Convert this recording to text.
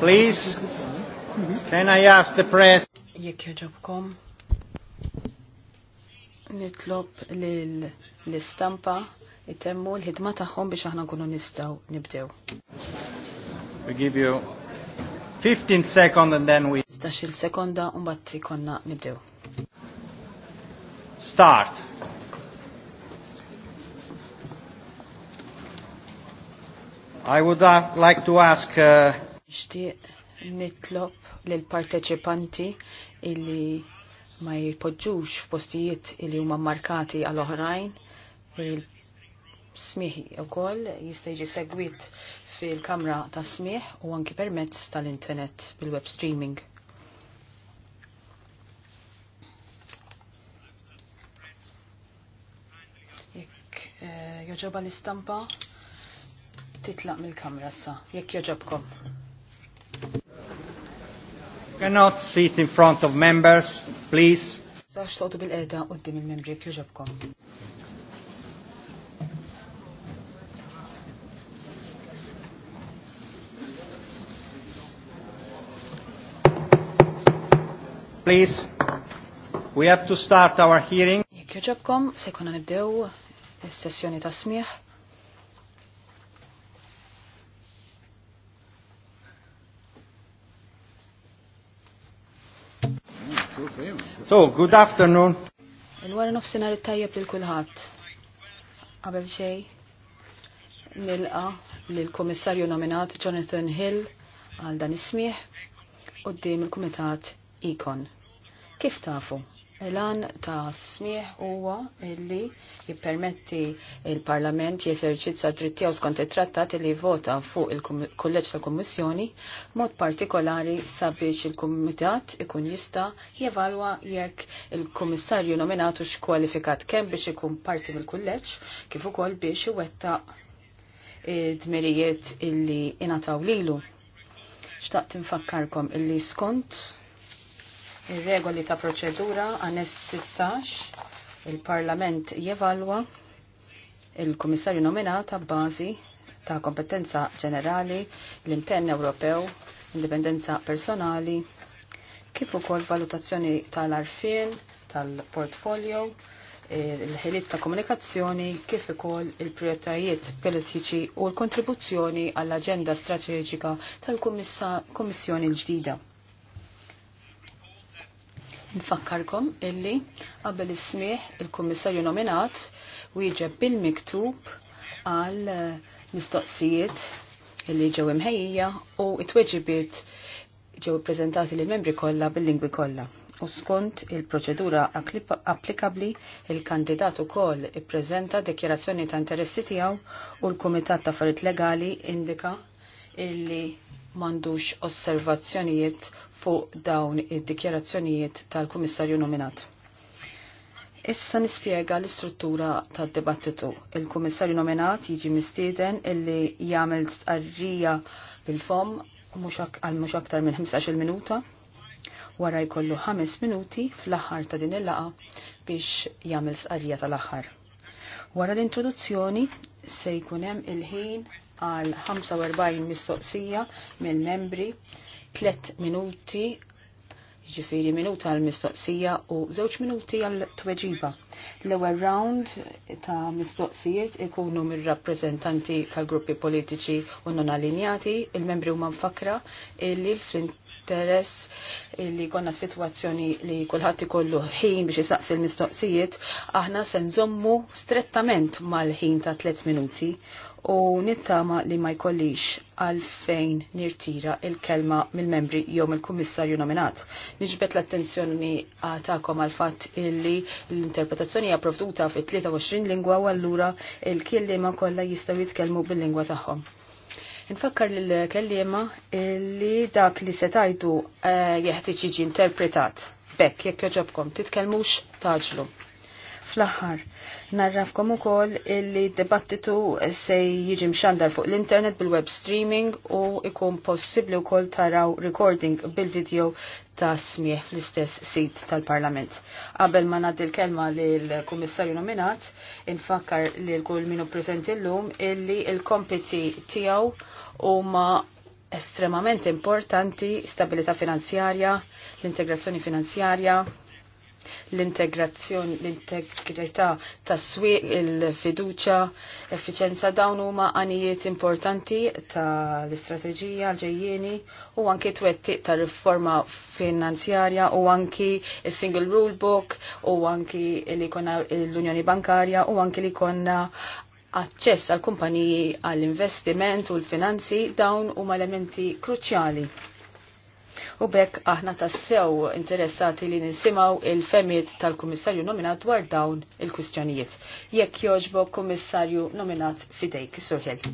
Please, can I ask the press? Jek joġobkom, nitlob l-istampa itemmu l-ħidma taħħom biex aħna nkunu nistaw nibdew. We give you 15 seconds and then we 15 sekonda un mbagħad konna nibdew. Start. I would uh, like to ask uh, Nishtiq nitlob lil parteċipanti illi ma jipoġġux f'postijiet illi huma markati għal oħrajn il-smieħ u jista' jiġi segwit fil-kamra ta' smieħ u anki permezz tal-internet bil-web streaming. Jekk eh, joġoba l-istampa titlaq mill-kamra sa, jekk joġobkom. Cannot sit in front of members, please. Sax sotu bil-qeda qoddim il-membri jekk joġobkom. Please, we have to start our hearing. Jekk joġobkom, se jkun nibdew is-sessjoni ta' smieħ. So, good afternoon. Il-wara nofsinar it-tajjeb lil kulħadd. Qabel xej nilqa lil komissarju nominat Jonathan Hill għal dan ismieħ qudiem il-Kumitat Ikon. Kif tafu? Elan ta' smieħ huwa illi jippermetti il-Parlament jeserċizza drittijaw skont it-trattat li vota fuq il-Kulleġġ ta' Kummissjoni mod partikolari sabiex il-Kumitat ikun jista' jevalwa jekk il-Kummissarju nominatu x'kwalifikat kemm biex ikun parti mill-Kulleġġ kif ukoll biex iwettaq id-dmirijiet illi inataw lilu. Xtaqt infakkarkom illi skont Ir-regoli ta' proċedura għanes 16 il-Parlament jevalwa il-Komissarju nominata bazi ta' kompetenza ġenerali, l-impenn Ewropew, indipendenza personali, kif ukoll valutazzjoni tal-arfin, tal-portfolio, il-ħiliet ta' komunikazzjoni, kif ukoll il-prioritajiet politiċi u l-kontribuzzjoni għall-aġenda strateġika tal-Kummissjoni l-ġdida. Nfakkarkom illi qabel ismieħ il-Kummissarju nominat wieġeb bil-miktub għal eh, mistoqsijiet illi ġew imħejja u it-tweġibiet ġew ippreżentati lill membri kollha bil-lingwi kollha. U skont il-proċedura applikabli, il-kandidat ukoll ippreżenta dikjarazzjoni ta' interessi tiegħu u l-Kumitat ta' Affarijiet Legali indika illi mandux osservazzjonijiet fuq dawn id-dikjerazzjonijiet tal-Kummissarju nominat. Issa nispjega l-istruttura tad-dibattitu. Il-Kummissarju nominat jiġi mistieden illi jagħmel stqarrija bil-fom għal mhux aktar minn 15-il minuta wara jkollu 5 minuti fl-aħħar ta' din il-laqa biex jagħmel stqarrija tal-aħħar. Wara l-introduzzjoni se jkun hemm il-ħin għal 45 mistoqsija mill-membri, 3 minuti ġifiri minuta għal mistoqsija u żewġ minuti għal tweġiba. L-ewwel round ta' mistoqsijiet ikunu mir-rappreżentanti tal-gruppi politiċi u non allinjati, il-membri huma mfakra illi fl-interess li konna situazzjoni li kulħadd ikollu ħin biex jisaqsi l-mistoqsijiet, aħna se nżommu strettament mal-ħin ta' 3 minuti u nittama li ma jkollix għalfejn nirtira il-kelma mill-membri jew mill-kummissarju nominat. Nġbet l-attenzjoni għatakom għal fatt illi l-interpretazzjoni hija provduta fi 23 lingwa u allura il-kelliema kollha jistgħu jitkellmu bil-lingwa tagħhom. Nfakkar l-kellima illi dak li se tajdu eh, jiġi interpretat. Bekk, jekk joġobkom, titkellmux taġlu. Fl-aħħar, narrafkom ukoll illi dibattitu se jiġi mxandar fuq l-internet bil-web streaming u ikun possibbli wkoll taraw recording bil-video ta' smieħ fl-istess sit tal-Parlament. Qabel ma nadil l-kelma lill-Kummissarju nominat, infakkar li l-kull minu l llum illi l-kompiti tiegħu huma estremament importanti stabilità finanzjarja, l-integrazzjoni finanzjarja, L-integrazzjoni, l-integrità tas-swieq, il-fiduċa, effiċenza dawn huma għanijiet importanti tal-istrateġija ġejjieni u anki twettiq ta' riforma finanzjarja u anki il-single rule book u anki li konna l-Unjoni Bankarja u anki li konna aċċess għal kumpaniji għall-investiment u l-finanzi dawn huma elementi kruċjali u bekk aħna tassew interessati li nisimaw il-femiet tal-Kummissarju nominat dwar dawn il-kwistjonijiet. Jekk jogħġbok Kummissarju nominat fidejk, Surħil.